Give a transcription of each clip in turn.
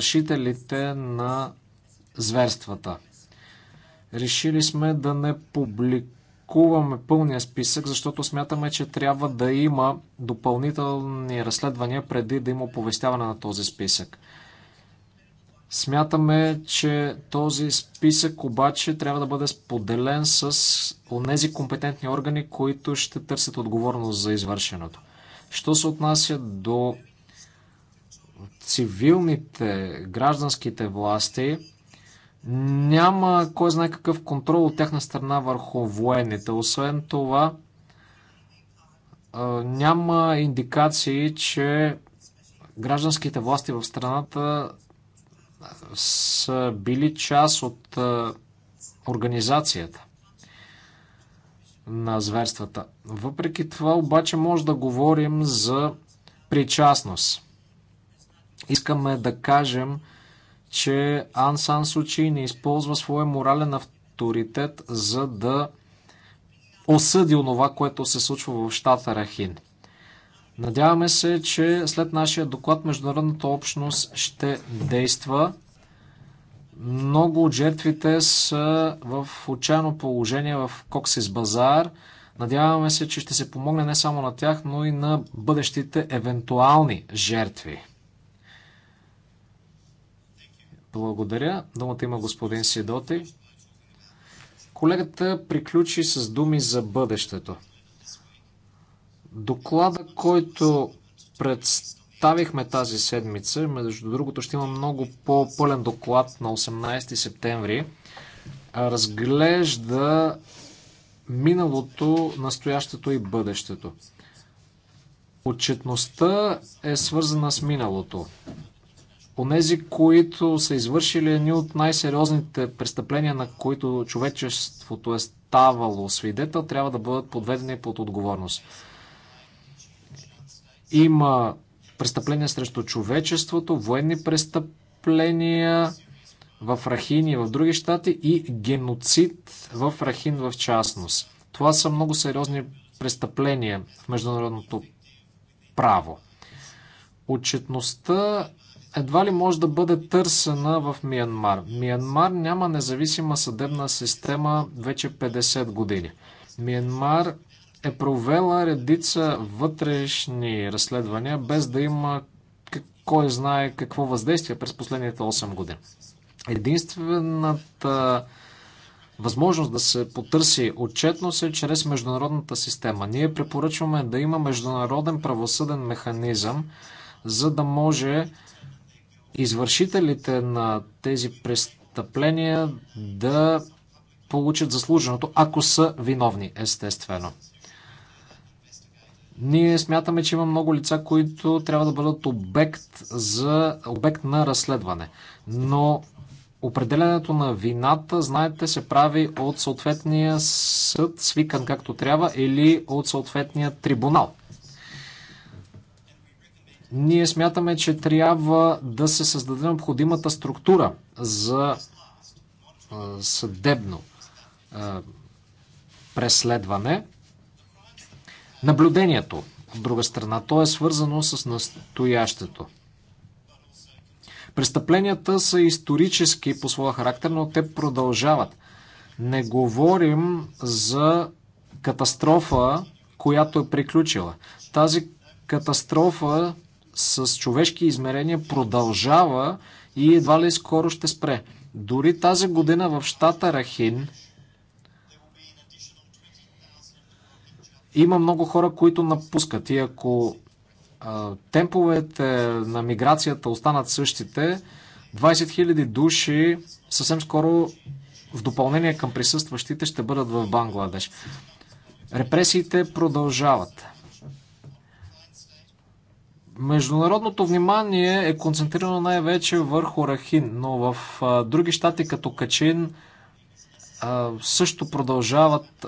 извършителите на зверствата. Решили сме да не публикуваме пълния списък, защото смятаме, че трябва да има допълнителни разследвания преди да има оповестяване на този списък. Смятаме, че този списък обаче трябва да бъде споделен с онези компетентни органи, които ще търсят отговорност за извършеното. Що се отнася до цивилните, гражданските власти няма кой знае какъв контрол от тяхна страна върху военните. Освен това, няма индикации, че гражданските власти в страната са били част от организацията на зверствата. Въпреки това обаче може да говорим за причастност. Искаме да кажем, че Ан Сан Сучи не използва своя морален авторитет, за да осъди онова, което се случва в щата Рахин. Надяваме се, че след нашия доклад международната общност ще действа. Много от жертвите са в отчаяно положение в Коксис Базар. Надяваме се, че ще се помогне не само на тях, но и на бъдещите евентуални жертви. Благодаря. Думата има господин Сидоти. Колегата приключи с думи за бъдещето. Доклада, който представихме тази седмица, между другото ще има много по-пълен доклад на 18 септември, разглежда миналото, настоящето и бъдещето. Отчетността е свързана с миналото. Онези, които са извършили едни от най-сериозните престъпления, на които човечеството е ставало свидетел, трябва да бъдат подведени под отговорност. Има престъпления срещу човечеството, военни престъпления в Рахин и в други щати и геноцид в Рахин в частност. Това са много сериозни престъпления в международното право. Отчетността едва ли може да бъде търсена в Миянмар. Миянмар няма независима съдебна система вече 50 години. Миянмар е провела редица вътрешни разследвания, без да има кой знае какво въздействие през последните 8 години. Единствената възможност да се потърси отчетност е чрез международната система. Ние препоръчваме да има международен правосъден механизъм, за да може извършителите на тези престъпления да получат заслуженото, ако са виновни, естествено. Ние смятаме, че има много лица, които трябва да бъдат обект, за, обект на разследване. Но определенето на вината, знаете, се прави от съответния съд, свикан както трябва, или от съответния трибунал. Ние смятаме, че трябва да се създаде необходимата структура за съдебно преследване. Наблюдението, от друга страна, то е свързано с настоящето. Престъпленията са исторически по своя характер, но те продължават. Не говорим за катастрофа, която е приключила. Тази катастрофа с човешки измерения продължава и едва ли скоро ще спре. Дори тази година в щата Рахин има много хора, които напускат. И ако а, темповете на миграцията останат същите, 20 000 души съвсем скоро в допълнение към присъстващите ще бъдат в Бангладеш. Репресиите продължават. Международното внимание е концентрирано най-вече върху Рахин, но в а, други щати, като Качин, а, също продължават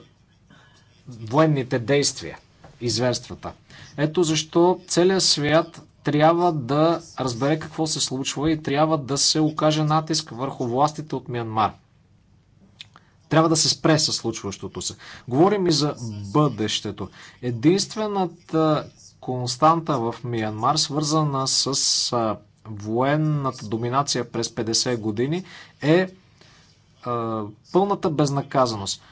военните действия, изверствата. Ето защо целият свят трябва да разбере какво се случва и трябва да се окаже натиск върху властите от Мянмар. Трябва да се спре със случващото се. Говорим и за бъдещето. Единствената константа в Миянмар, свързана с военната доминация през 50 години, е пълната безнаказаност.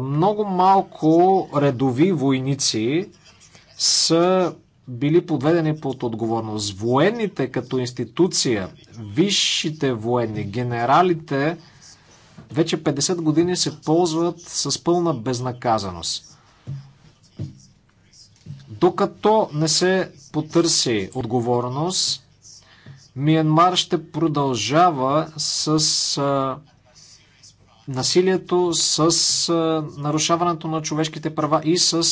Много малко редови войници са били подведени под отговорност. Военните като институция, висшите военни, генералите вече 50 години се ползват с пълна безнаказаност. Докато не се потърси отговорност, Миянмар ще продължава с а, насилието, с а, нарушаването на човешките права и с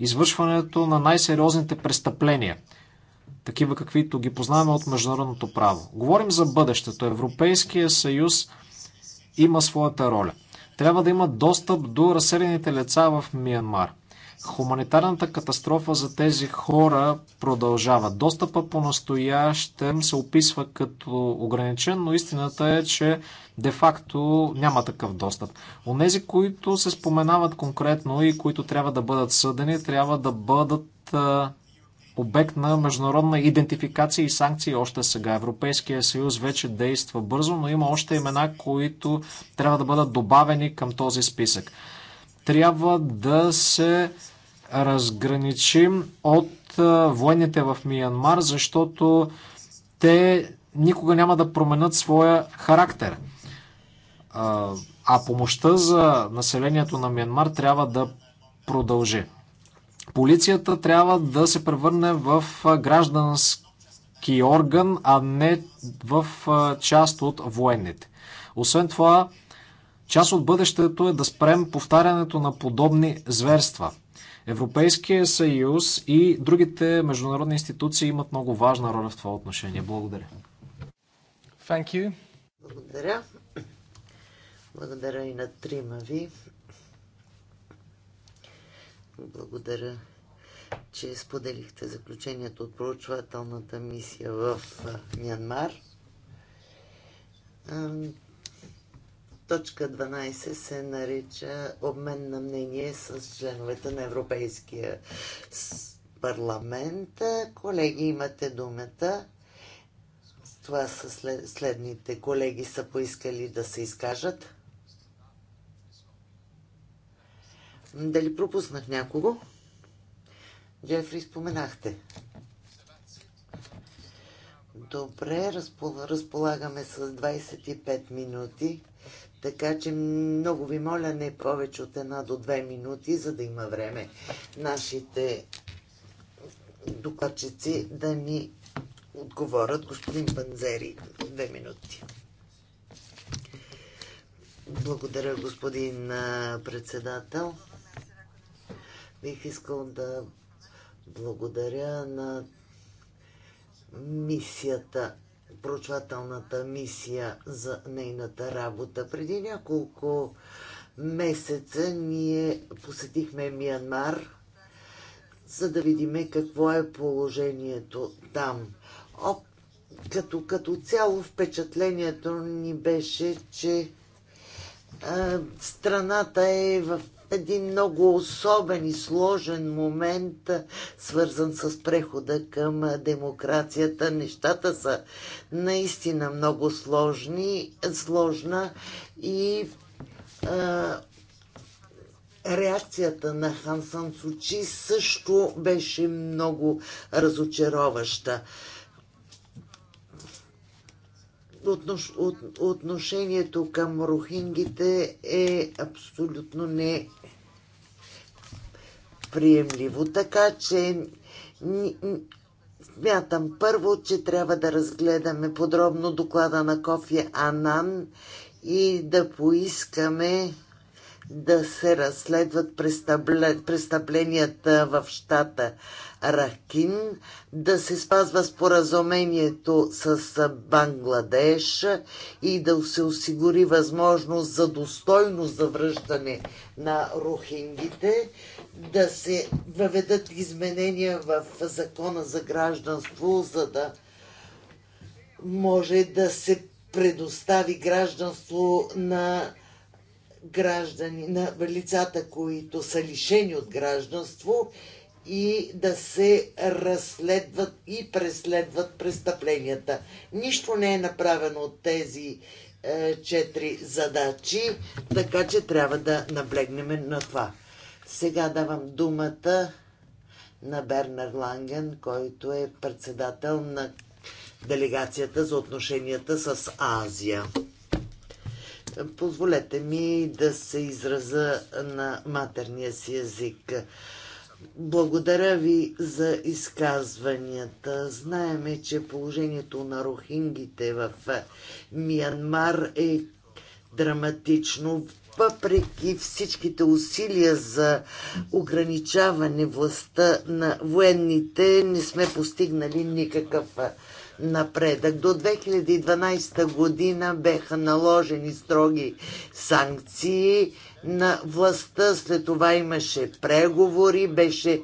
извършването на най-сериозните престъпления, такива каквито ги познаваме от международното право. Говорим за бъдещето. Европейския съюз има своята роля. Трябва да има достъп до разселените лица в Миянмар. Хуманитарната катастрофа за тези хора продължава. Достъпа по настоящем се описва като ограничен, но истината е, че де-факто няма такъв достъп. Онези, които се споменават конкретно и които трябва да бъдат съдени, трябва да бъдат обект на международна идентификация и санкции още сега. Европейския съюз вече действа бързо, но има още имена, които трябва да бъдат добавени към този списък. Трябва да се разграничим от военните в Миянмар, защото те никога няма да променят своя характер. А помощта за населението на Миянмар трябва да продължи. Полицията трябва да се превърне в граждански орган, а не в част от военните. Освен това, част от бъдещето е да спрем повтарянето на подобни зверства. Европейския съюз и другите международни институции имат много важна роля в това отношение. Благодаря. Thank you. Благодаря. Благодаря и на трима ви. Благодаря, че споделихте заключението от проучвателната мисия в Мянмар. Точка 12 се нарича обмен на мнение с членовете на Европейския парламент. Колеги, имате думата. Това са след, следните колеги са поискали да се изкажат. Дали пропуснах някого? Джефри, споменахте. Добре, разполагаме с 25 минути така че много ви моля не повече от една до две минути, за да има време нашите докладчици да ни отговорят. Господин Панзери, две минути. Благодаря, господин председател. Бих искал да благодаря на мисията проучвателната мисия за нейната работа. Преди няколко месеца ние посетихме Миянмар, за да видим какво е положението там. О, като, като цяло впечатлението ни беше, че страната е в един много особен и сложен момент, свързан с прехода към демокрацията. Нещата са наистина много сложни, сложна и а, реакцията на Хансан Сучи също беше много разочароваща отношението към рухингите е абсолютно не приемливо. Така че смятам първо, че трябва да разгледаме подробно доклада на Кофи Анан и да поискаме да се разследват престъпленията в щата Рахкин, да се спазва споразумението с Бангладеш и да се осигури възможност за достойно завръщане на рухингите, да се въведат изменения в закона за гражданство, за да може да се предостави гражданство на граждани, на лицата, които са лишени от гражданство и да се разследват и преследват престъпленията. Нищо не е направено от тези е, четири задачи, така че трябва да наблегнем на това. Сега давам думата на Бернер Ланген, който е председател на делегацията за отношенията с Азия. Позволете ми да се израза на матерния си език. Благодаря ви за изказванията. Знаеме, че положението на рохингите в е, Миянмар е драматично. Въпреки всичките усилия за ограничаване властта на военните, не сме постигнали никакъв е, напредък. До 2012 година беха наложени строги санкции на властта, след това имаше преговори, беше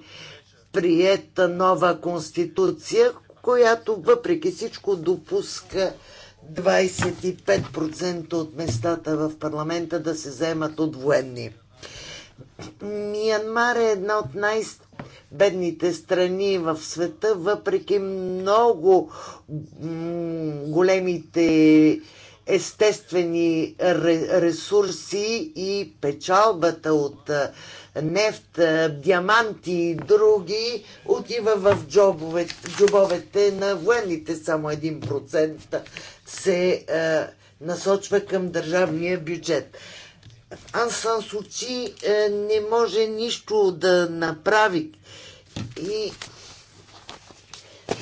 приета нова конституция, която въпреки всичко допуска 25% от местата в парламента да се вземат от военни. Миянмар е една от най- бедните страни в света, въпреки много големите естествени ресурси и печалбата от нефт, диаманти и други отива в джобовете, джобовете на военните. Само 1% се е, насочва към държавния бюджет. Ансан Сучи е, не може нищо да направи и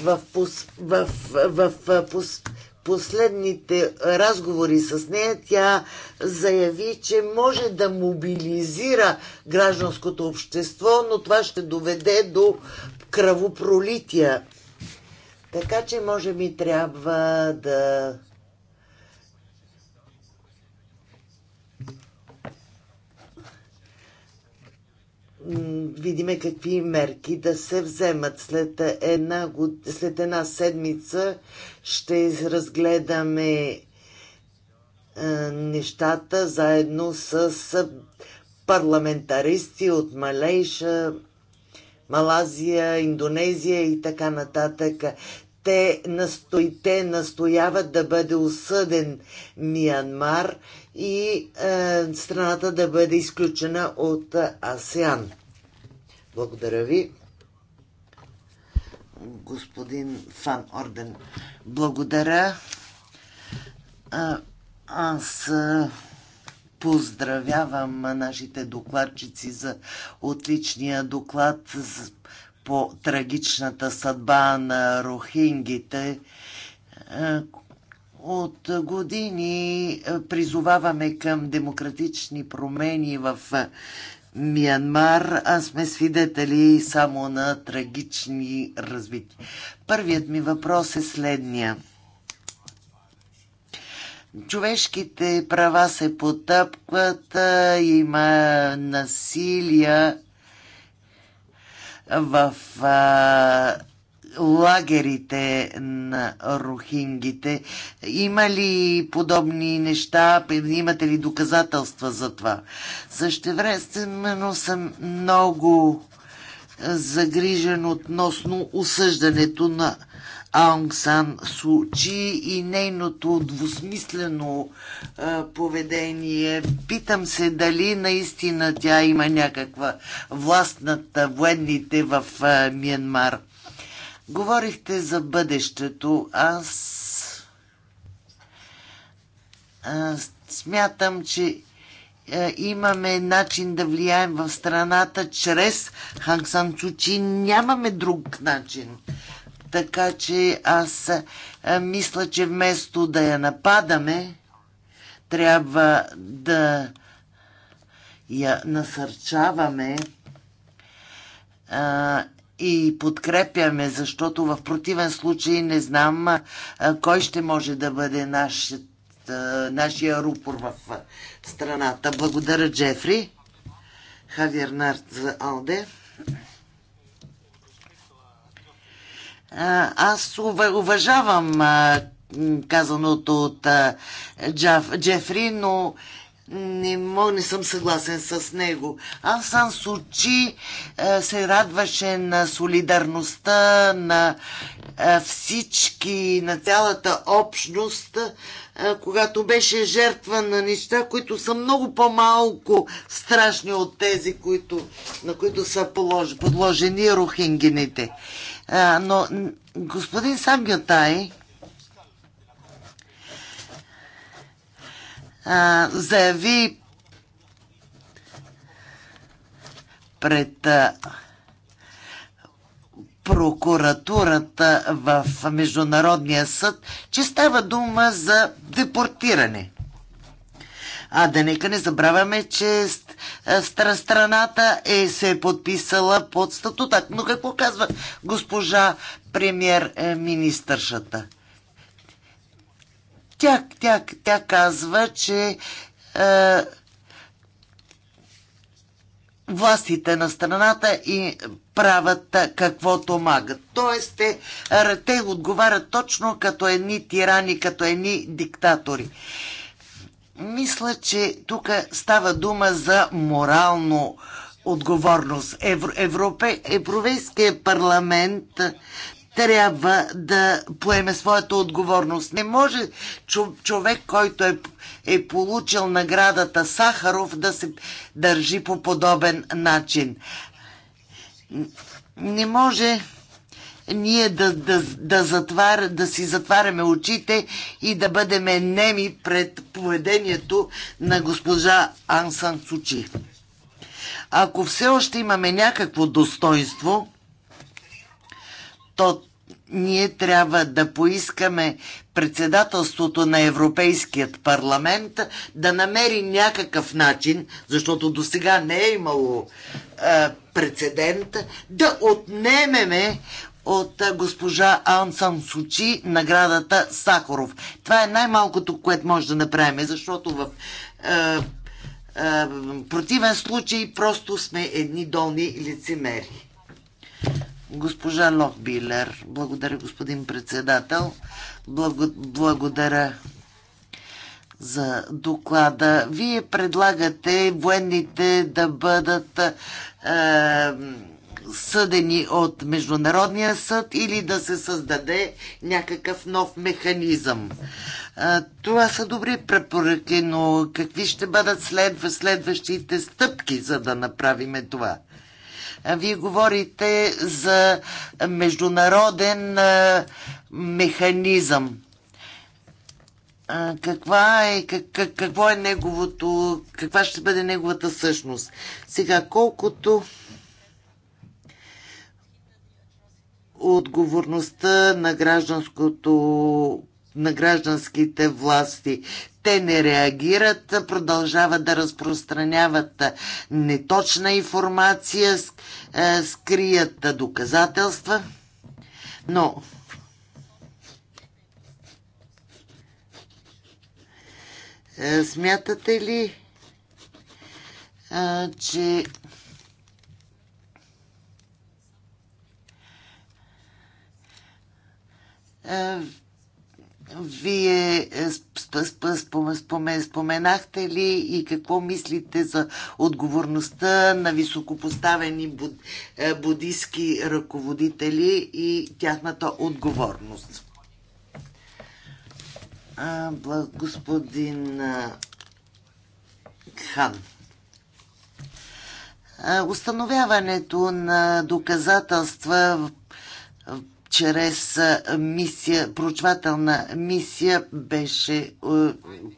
в, пос, в, в, в пос, последните разговори с нея тя заяви, че може да мобилизира гражданското общество, но това ще доведе до кръвопролития. Така че може би трябва да видиме какви мерки да се вземат. След една, год... след една седмица ще разгледаме е, нещата заедно с парламентаристи от Малейша, Малазия, Индонезия и така нататък. Те, насто... те настояват да бъде осъден Миянмар и е, страната да бъде изключена от е, АСЕАН. Благодаря ви. Господин Фан Орден, благодаря. Аз поздравявам нашите докладчици за отличния доклад по трагичната съдба на рохингите. От години призоваваме към демократични промени в Миянмар, а сме свидетели само на трагични развития. Първият ми въпрос е следния. Човешките права се потъпкват, има насилие в а, лагерите на рухингите, Има ли подобни неща? Имате ли доказателства за това? Същевременно съм много загрижен относно осъждането на Аунг Сан Сучи и нейното двусмислено а, поведение. Питам се дали наистина тя има някаква власт над военните в а, Говорихте за бъдещето. Аз а, смятам, че а, имаме начин да влияем в страната чрез Хансан Сучи. Нямаме друг начин. Така че аз а, мисля, че вместо да я нападаме, трябва да я насърчаваме а, и подкрепяме, защото в противен случай не знам кой ще може да бъде нашият, нашия рупор в страната. Благодаря, Джефри. Хавиер Нарт за Алде. Аз уважавам казаното от Джефри, но не, мог, не съм съгласен с него. Ан Сан Сучи е, се радваше на солидарността на е, всички, на цялата общност, е, когато беше жертва на неща, които са много по-малко страшни от тези, които, на които са подложени рухингините. Но господин Самгютай а, заяви пред а, прокуратурата в Международния съд, че става дума за депортиране. А да нека не забравяме, че страната е се е подписала под статута. Но какво казва госпожа премьер-министършата? Е, тя, тя, тя казва, че е, властите на страната и правят каквото магат. Тоест, те, е, те отговарят точно като едни тирани, като едни диктатори. Мисля, че тук става дума за морално отговорност. Европейския парламент трябва да поеме своята отговорност. Не може човек, който е, е получил наградата Сахаров, да се държи по подобен начин. Не може ние да, да, да, затвар, да си затваряме очите и да бъдеме неми пред поведението на госпожа Ансан Сучи. Ако все още имаме някакво достоинство, то ние трябва да поискаме председателството на Европейският парламент да намери някакъв начин, защото до сега не е имало а, е, прецедент, да отнемеме от е, госпожа Ансан Сучи наградата Сахаров. Това е най-малкото, което може да направим, защото в а, е, а, противен случай просто сме едни долни лицемери. Госпожа Лохбилер. Благодаря, господин председател. Благодаря за доклада. Вие предлагате военните да бъдат е, съдени от Международния съд или да се създаде някакъв нов механизъм. Е, това са добри препоръки, но какви ще бъдат следва, следващите стъпки, за да направиме това? Вие говорите за международен механизъм. Каква е, как, какво е неговото, каква ще бъде неговата същност? Сега, колкото отговорността на гражданското на гражданските власти. Те не реагират, продължават да разпространяват неточна информация, е, скрият доказателства. Но е, смятате ли, е, че вие е, споменахте ли и какво мислите за отговорността на високопоставени буд, е, будистки ръководители и тяхната отговорност? господин Хан. Установяването на доказателства чрез мисия, проучвателна мисия беше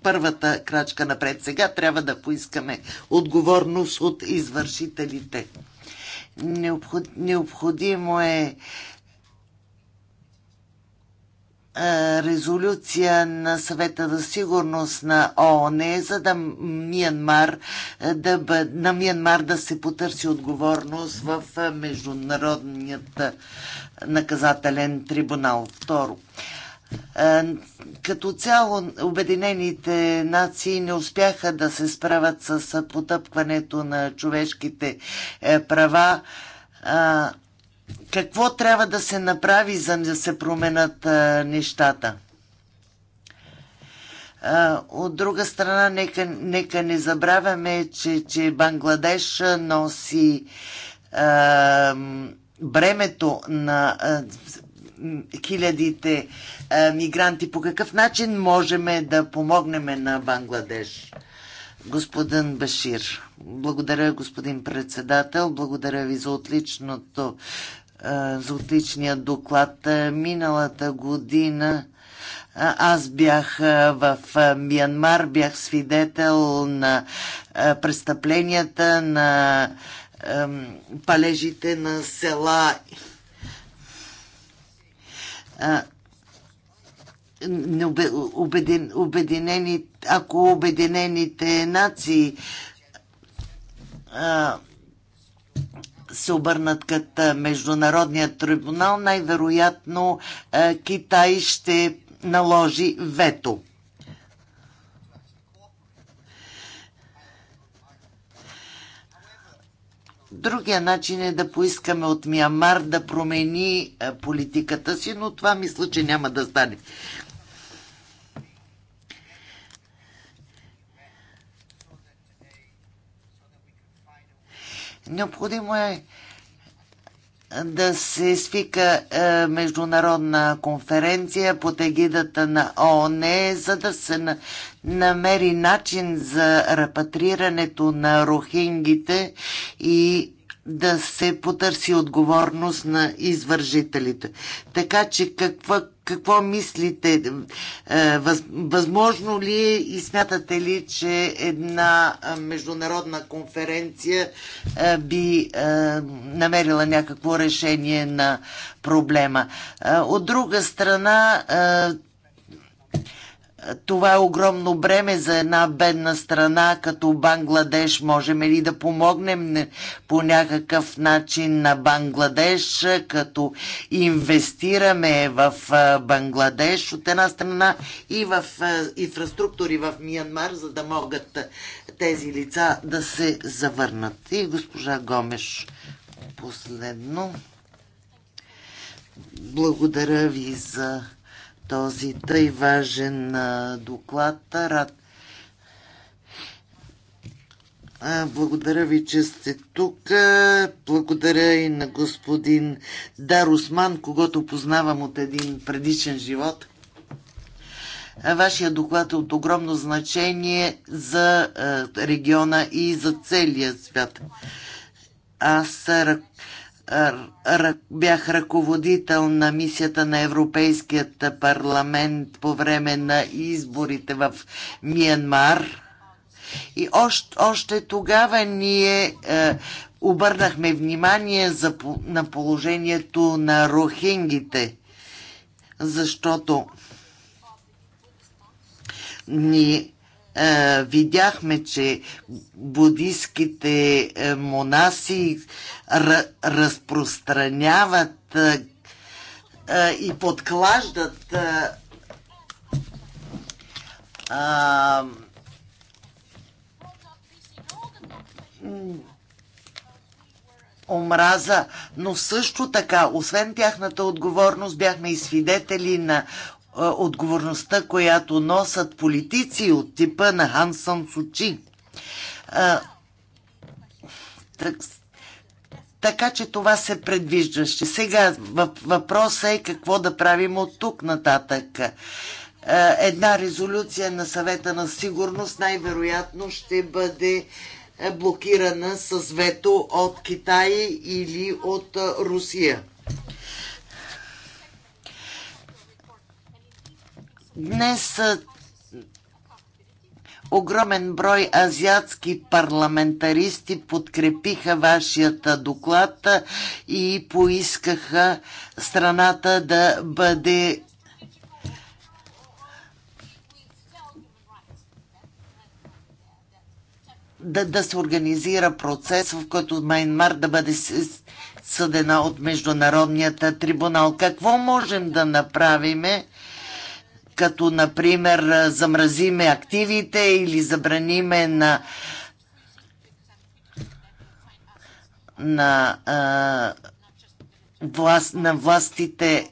първата крачка напред. Сега трябва да поискаме отговорност от извършителите. необходимо е е, резолюция на съвета за сигурност на ООН, за да Миянмар е, да, бъ... на Миянмар да се потърси отговорност в е, Международният наказателен трибунал. Второ. Като цяло Обединените нации не успяха да се справят с потъпкването на човешките права какво трябва да се направи, за да се променят нещата. От друга страна, нека, нека не забравяме, че, че Бангладеш носи а, бремето на а, хилядите а, мигранти. По какъв начин можем да помогнем на Бангладеш? господин Башир. Благодаря, господин председател. Благодаря ви за отличното за отличния доклад. Миналата година аз бях в Миянмар, бях свидетел на престъпленията, на палежите на села. Обединените ако Обединените нации а, се обърнат като международния трибунал, най-вероятно Китай ще наложи вето. Другия начин е да поискаме от Миямар да промени политиката си, но това мисля, че няма да стане. Необходимо е да се свика е, международна конференция под егидата на ООН, за да се на, намери начин за репатрирането на рохингите и да се потърси отговорност на извържителите. Така че каква, какво мислите? Е, възможно ли е и смятате ли, че една е, международна конференция е, би намерила някакво решение на проблема? От друга страна, това е огромно бреме за една бедна страна като Бангладеш. Можем ли да помогнем по някакъв начин на Бангладеш, като инвестираме в Бангладеш от една страна и в инфраструктури в Миянмар, за да могат тези лица да се завърнат? И госпожа Гомеш, последно. Благодаря ви за този тъй важен доклад. Рад. Благодаря ви, че сте тук. Благодаря и на господин Дарусман, когато познавам от един предишен живот. Вашия доклад е от огромно значение за региона и за целия свят. Аз бях ръководител на мисията на Европейският парламент по време на изборите в Миянмар. И още, още тогава ние е, обърнахме внимание за, на положението на рохингите, защото ние. Е, видяхме, че будистските е, монаси разпространяват е, и подклаждат омраза, но също така, освен тяхната отговорност, бяхме и свидетели на отговорността, която носят политици от типа на Хансан Сучи. Така че това се предвиждаше. Сега въпросът е какво да правим от тук нататък. Една резолюция на съвета на сигурност най-вероятно ще бъде блокирана с вето от Китай или от Русия. Днес огромен брой азиатски парламентаристи подкрепиха вашията доклад и поискаха страната да бъде да, да се организира процес, в който Майнмар да бъде съдена от Международният трибунал. Какво можем да направиме? като например замразиме активите или забраниме на на, а, власт, на властите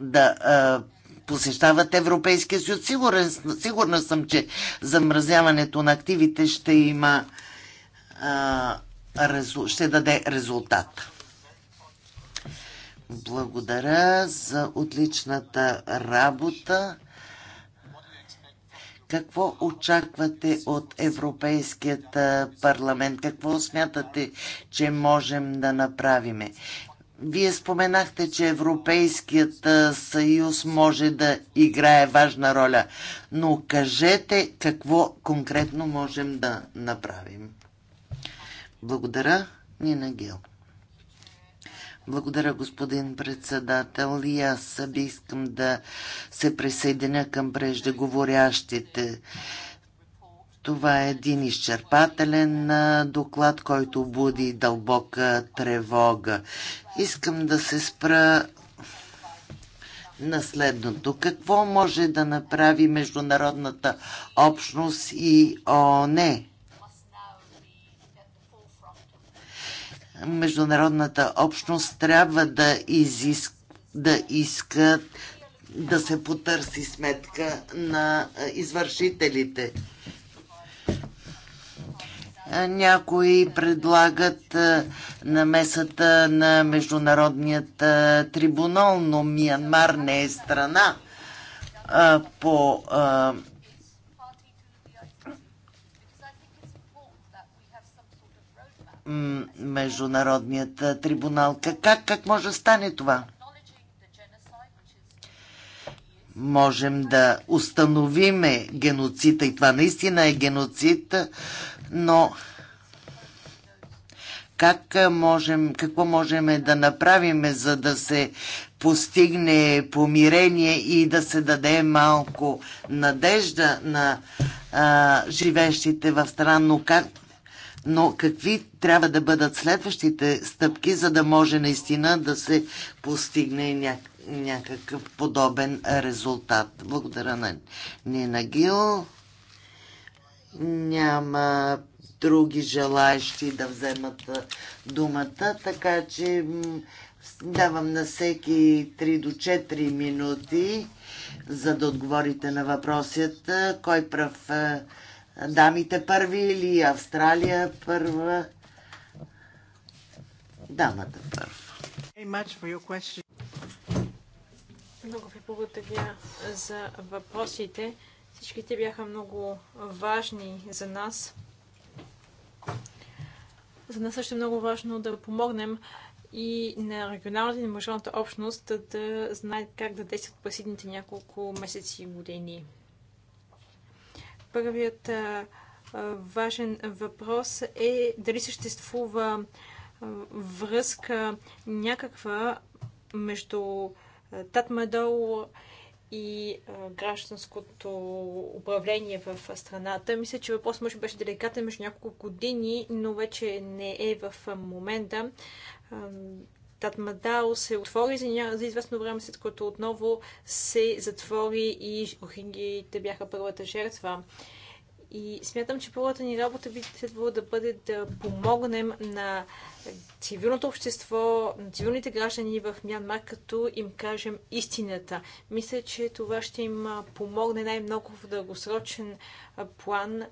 да а, посещават Европейския съюз. Сигурен, сигурна съм, че замразяването на активите ще има а, резу, ще даде резултат. Благодаря за отличната работа. Какво очаквате от Европейският парламент? Какво смятате, че можем да направиме? Вие споменахте, че Европейският съюз може да играе важна роля, но кажете какво конкретно можем да направим. Благодаря, Нина Гел. Благодаря, господин председател. И аз би искам да се присъединя към преждеговорящите. Това е един изчерпателен доклад, който буди дълбока тревога. Искам да се спра на следното. Какво може да направи международната общност и ООН? Е? международната общност трябва да, изиск, да иска да се потърси сметка на извършителите. Някои предлагат намесата на Международният трибунал, но Миянмар не е страна по Международният трибунал. Как, как може да стане това? Можем да установиме геноцида и това наистина е геноцид, но как можем, какво можем е да направим, за да се постигне помирение и да се даде малко надежда на а, живещите в страна, но как, но какви трябва да бъдат следващите стъпки, за да може наистина да се постигне някакъв подобен резултат. Благодаря на Нина Гил. Няма други желаящи да вземат думата, така че давам на всеки 3 до 4 минути, за да отговорите на въпросията. Кой прав дамите първи или Австралия първа? Дамата първа. Много ви благодаря за въпросите. Всичките бяха много важни за нас. За нас също е много важно да помогнем и на регионалната и на общност да знаят как да действат последните няколко месеци и години. Първият важен въпрос е дали съществува връзка някаква между Татмадол и гражданското управление в страната. Мисля, че въпрос може беше деликатен между няколко години, но вече не е в момента. Татмадао се отвори за, за известно време, след което отново се затвори и рохингите бяха първата жертва. И смятам, че първата ни работа би следвало да бъде да помогнем на цивилното общество, на цивилните граждани в Мянмар, като им кажем истината. Мисля, че това ще им помогне най-много в дългосрочен план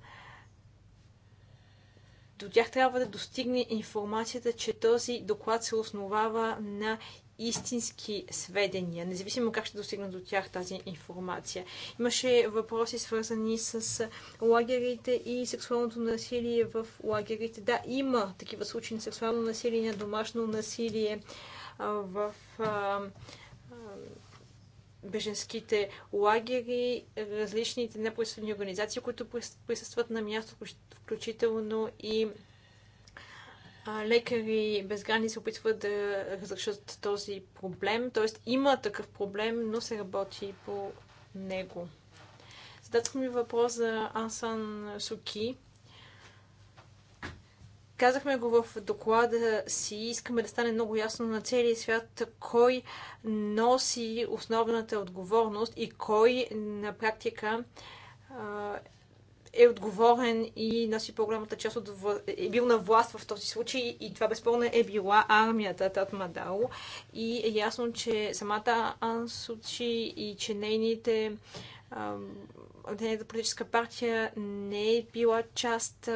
до тях трябва да достигне информацията, че този доклад се основава на истински сведения, независимо как ще достигна до тях тази информация. Имаше въпроси свързани с лагерите и сексуалното насилие в лагерите. Да, има такива случаи на сексуално насилие, на домашно насилие в беженските лагери, различните неправителствени организации, които присъстват на място, включително и лекари без граници опитват да разрешат този проблем. Тоест има такъв проблем, но се работи по него. Задатък ми въпрос за Ансан Суки. Казахме го в доклада си, искаме да стане много ясно на целия свят кой носи основната отговорност и кой на практика е отговорен и носи по-голямата част от е бил на власт в този случай и това безспорно е била армията Тат Мадао. И е ясно, че самата Ансучи и че нейните нейната политическа партия не е била част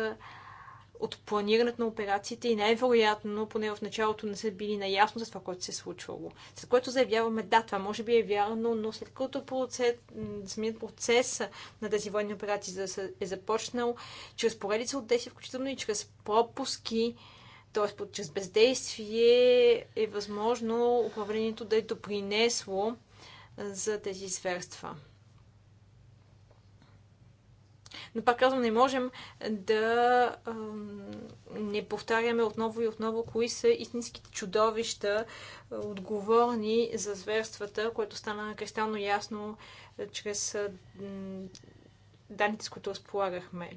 от планирането на операциите и най-вероятно, поне в началото не са били наясно за това, което се е случвало. След което заявяваме, да, това може би е вярно, но след като самият процес на тези военни операции е започнал, чрез поредица от действия, включително и чрез пропуски, т.е. чрез бездействие, е възможно управлението да е допринесло за тези сверства. Но пак казвам, не можем да не повтаряме отново и отново кои са истинските чудовища, отговорни за зверствата, което стана кристално ясно чрез данните, с които разполагахме.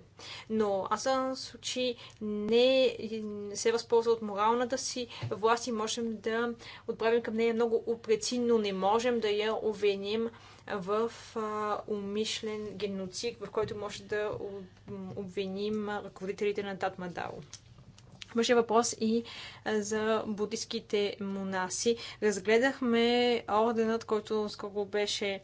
Но аз съм случай не се възползва от моралната си власт и можем да отправим към нея много опрецинно. Не можем да я обвиним в умишлен геноцид, в който може да обвиним ръководителите на Татмадао. Имаше въпрос и за буддистските монаси. Разгледахме орденът, който скоро беше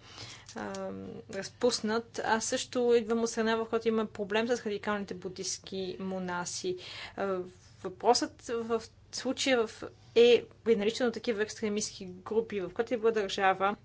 а, разпуснат. Аз също идвам от страна, в която има проблем с радикалните будистки монаси. А, въпросът в случая е при е наличието на такива екстремистски групи, в която и е държава,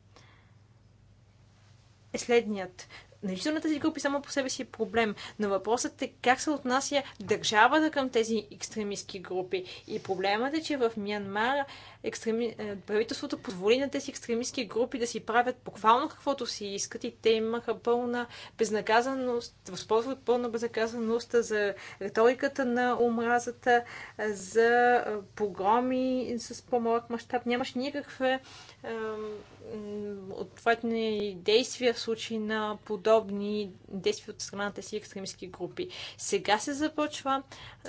е следният. Наличието на тази групи само по себе си е проблем, но въпросът е как се отнася държавата към тези екстремистски групи. И проблемът е, че в Мянмар екстреми... Е, правителството позволи на тези екстремистски групи да си правят буквално каквото си искат и те имаха пълна безнаказаност, възползват пълна безнаказаност за риториката на омразата, за е, погроми с по-малък мащаб. Нямаш никаква ответни действия в случай на подобни действия от страната си екстремистски групи. Сега се започва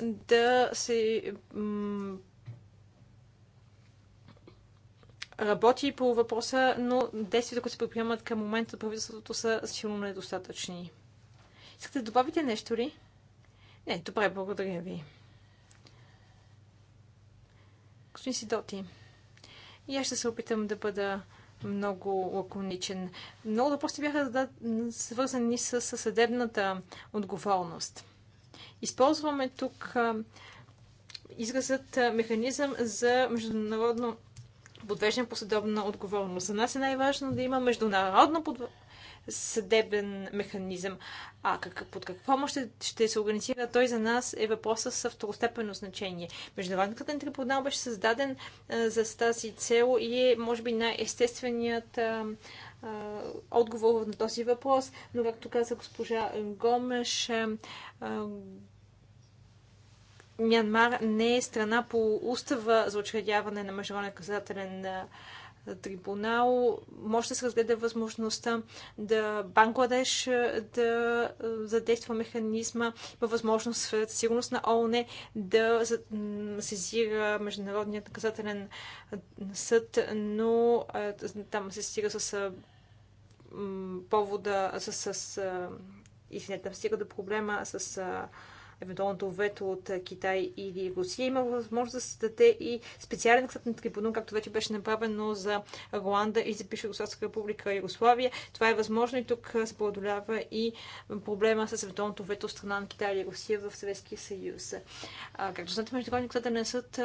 да се работи по въпроса, но действията, които се предприемат към момента от правителството са силно недостатъчни. Искате да добавите нещо ли? Не, добре, благодаря ви. Господин Сидоти. И аз ще се опитам да бъда много лаконичен. Много въпроси бяха свързани с съдебната отговорност. Използваме тук изразът механизъм за международно подвеждане по съдобна отговорност. За нас е най-важно да има международно съдебен механизъм. А как, под какво мощ ще, ще се организира той за нас е въпроса с второстепенно значение. Международният трибунал беше създаден а, за тази цел и е, може би, най-естественият отговор на този въпрос. Но, както каза госпожа Гомеш, а, Мянмар не е страна по устава за учредяване на Международен казателен трибунал. Може да се разгледа възможността да Бангладеш да задейства механизма, има възможност в сигурност на ООН да сезира Международният наказателен съд, но там се стига с повода, с, с извинете, там стига до проблема с евентуалното вето от Китай или Русия. Има възможност да се даде и специален на трибунал, както вече беше направено за Руанда и за бивша Государска република Югославия. Това е възможно и тук се преодолява и проблема с евентуалното вето от страна на Китай или Русия в Съветския съюз. както знаете, Международният съдебен съд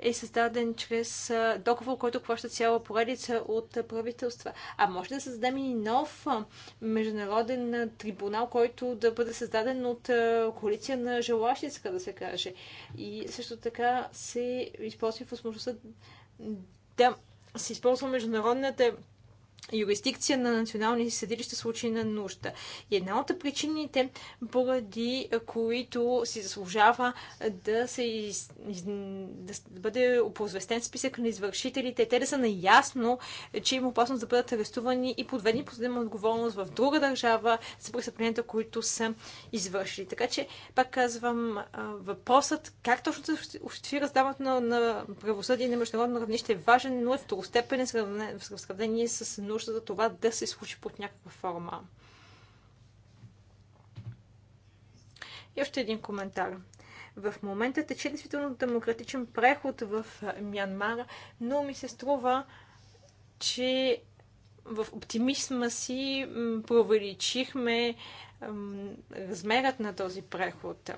е създаден чрез договор, който хваща цяла поредица от правителства. А може да създадем и нов международен трибунал, който да бъде създаден от коалиция на на желащи, така да се каже. И също така се използва възможността да се използва международната юрисдикция на национални съдилища в случай на нужда. И една от причините, поради които си заслужава да, се из... да бъде оповестен списък на извършителите, те да са наясно, че има опасност да бъдат арестувани и подведени под отговорност в друга държава за престъпленията, които са извършили. Така че, пак казвам, въпросът как точно се осъществи раздаването на, на правосъдие на международно равнище е важен, но е второстепенен в сравнение с нужда за това да се случи под някаква форма. И още един коментар. В момента тече действително демократичен преход в Мянмар, но ми се струва, че в оптимизма си провеличихме размерът на този преход.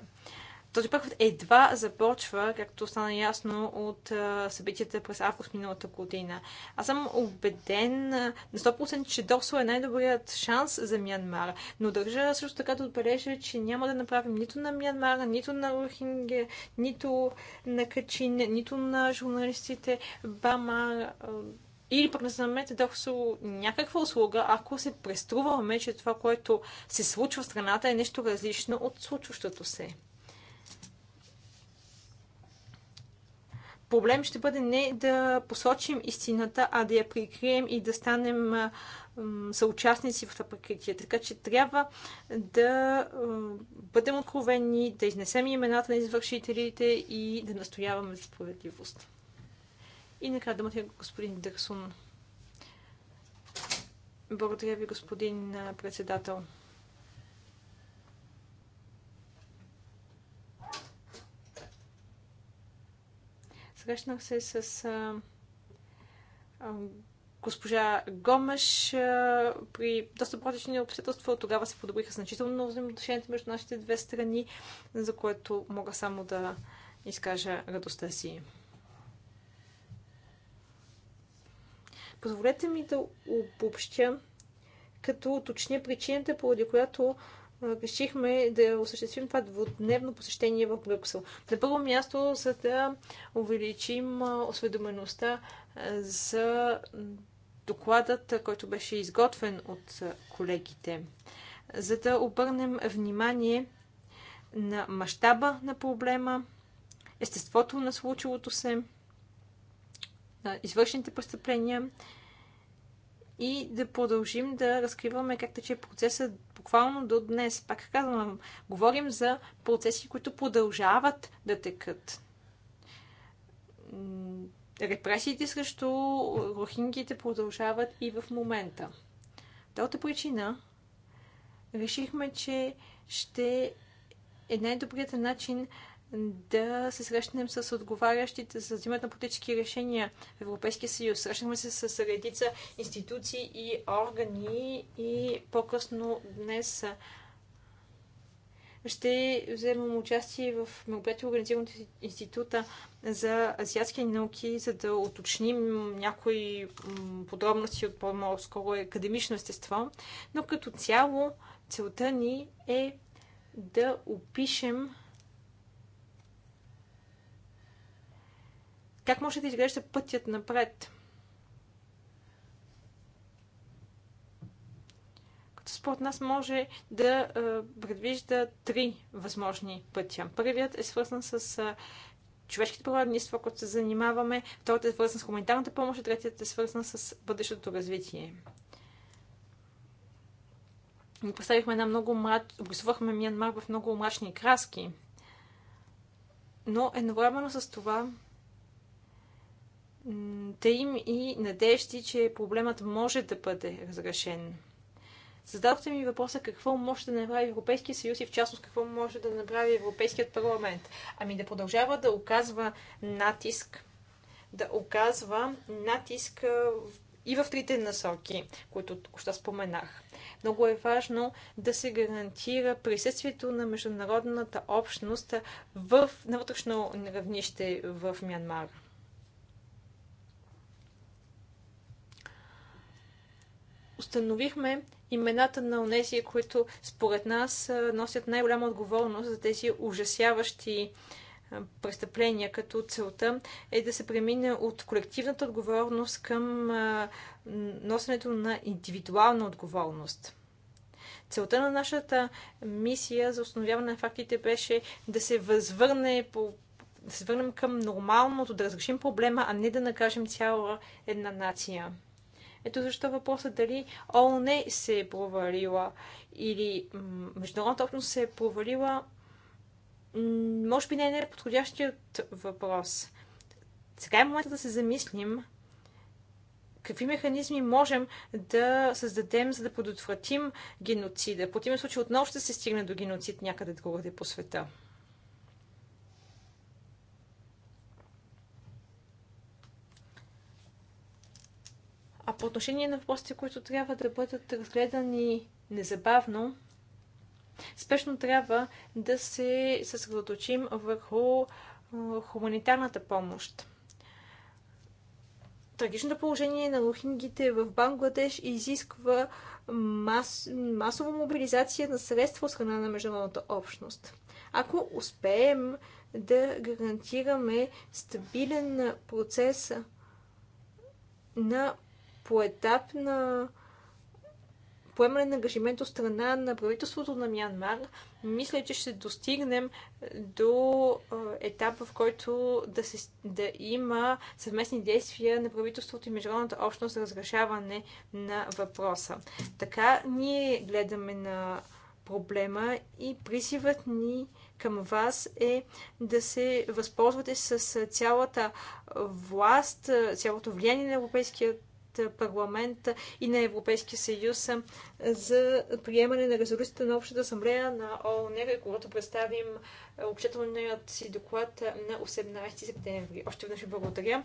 Този преход едва започва, както стана ясно от събитията през август миналата година. Аз съм убеден на 100%, че досо е най-добрият шанс за Мянмар, но държа също така да отбележа, че няма да направим нито на Мянмар, нито на Рухинге, нито на Качин, нито на журналистите Бамар или пък не знамете Дохсо някаква услуга, ако се преструваме, че това, което се случва в страната е нещо различно от случващото се. проблем ще бъде не да посочим истината, а да я прикрием и да станем съучастници в това прикритие. Така че трябва да бъдем откровени, да изнесем имената на извършителите и да настояваме за справедливост. И накрая думата е господин Дърсун. Благодаря ви, господин председател. Срещнах се с а, а, госпожа Гомеш а, при доста протични обстоятелства. Тогава се подобриха значително взаимоотношенията между нашите две страни, за което мога само да изкажа радостта си. Позволете ми да обобщя, като уточня причината, поради която решихме да осъществим това двудневно посещение в Брюксел. На първо място, за да увеличим осведомеността за докладът, който беше изготвен от колегите, за да обърнем внимание на мащаба на проблема, естеството на случилото се, на извършените престъпления и да продължим да разкриваме как тече процеса буквално до днес. Пак казвам, говорим за процеси, които продължават да текат. Репресиите срещу рохингите продължават и в момента. Втората причина решихме, че ще е най-добрият начин да се срещнем с отговарящите за взимат на политически решения в Европейския съюз. Срещнахме се с редица институции и органи и по-късно днес ще вземам участие в мероприятие, организирано от Института за азиатски науки, за да уточним някои подробности от по-скоро академично естество. Но като цяло целта ни е да опишем Как може да изглежда пътят напред? Като според нас може да предвижда три възможни пътя. Първият е свързан с човешките права, ние с това, което се занимаваме, вторият е свързан с хуманитарната помощ, третият е свързан с бъдещото развитие. Ни поставихме една много мрач... Обрисувахме Миянмар в много мрачни краски. Но едновременно с това те им и надежди, че проблемът може да бъде разрешен. Зададохте ми въпроса какво може да направи Европейския съюз и в частност какво може да направи Европейският парламент. Ами да продължава да оказва натиск, да оказва натиск и в трите насоки, които току споменах. Много е важно да се гарантира присъствието на международната общност в, на вътрешно равнище в Мянмар. установихме имената на онези, които според нас носят най-голяма отговорност за тези ужасяващи престъпления, като целта е да се премине от колективната отговорност към носенето на индивидуална отговорност. Целта на нашата мисия за установяване на фактите беше да се възвърне по да се върнем към нормалното, да разрешим проблема, а не да накажем цяла една нация. Ето защо въпросът е дали ООН е се е провалила или международната общност се е провалила, може би не е подходящият въпрос. Сега е момента да се замислим какви механизми можем да създадем, за да предотвратим геноцида. В противен случай отново ще се стигне до геноцид някъде другаде по света. А по отношение на въпросите, които трябва да бъдат разгледани незабавно, спешно трябва да се съсредоточим върху хуманитарната помощ. Трагичното положение на лохингите в Бангладеш изисква мас... масова мобилизация на средства от страна на международната общност. Ако успеем да гарантираме стабилен процес на поетапна поемане на ангажимент от страна на правителството на Мянмар, мисля, че ще достигнем до етап, в който да, се, да има съвместни действия на правителството и международната общност за разрешаване на въпроса. Така ние гледаме на проблема и призивът ни към вас е да се възползвате с цялата власт, цялото влияние на европейския парламент и на Европейския съюз за приемане на резолюцията на Общата асамблея на ООН, когато представим общественият си доклад на 18 септември. Още веднъж ви благодаря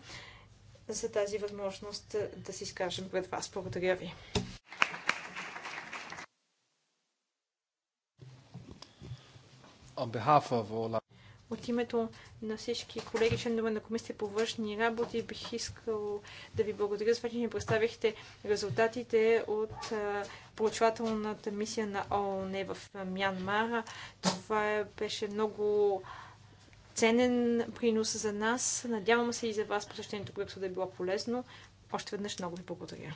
за тази възможност да се изкажем пред вас. Благодаря ви. On behalf of all от името на всички колеги, членове на Комисията по външни работи, бих искал да ви благодаря за това, че ни представихте резултатите от получвателната мисия на ООН в Мянмара. Това беше много ценен принос за нас. Надявам се и за вас посещението, което да е било полезно. Още веднъж много ви благодаря.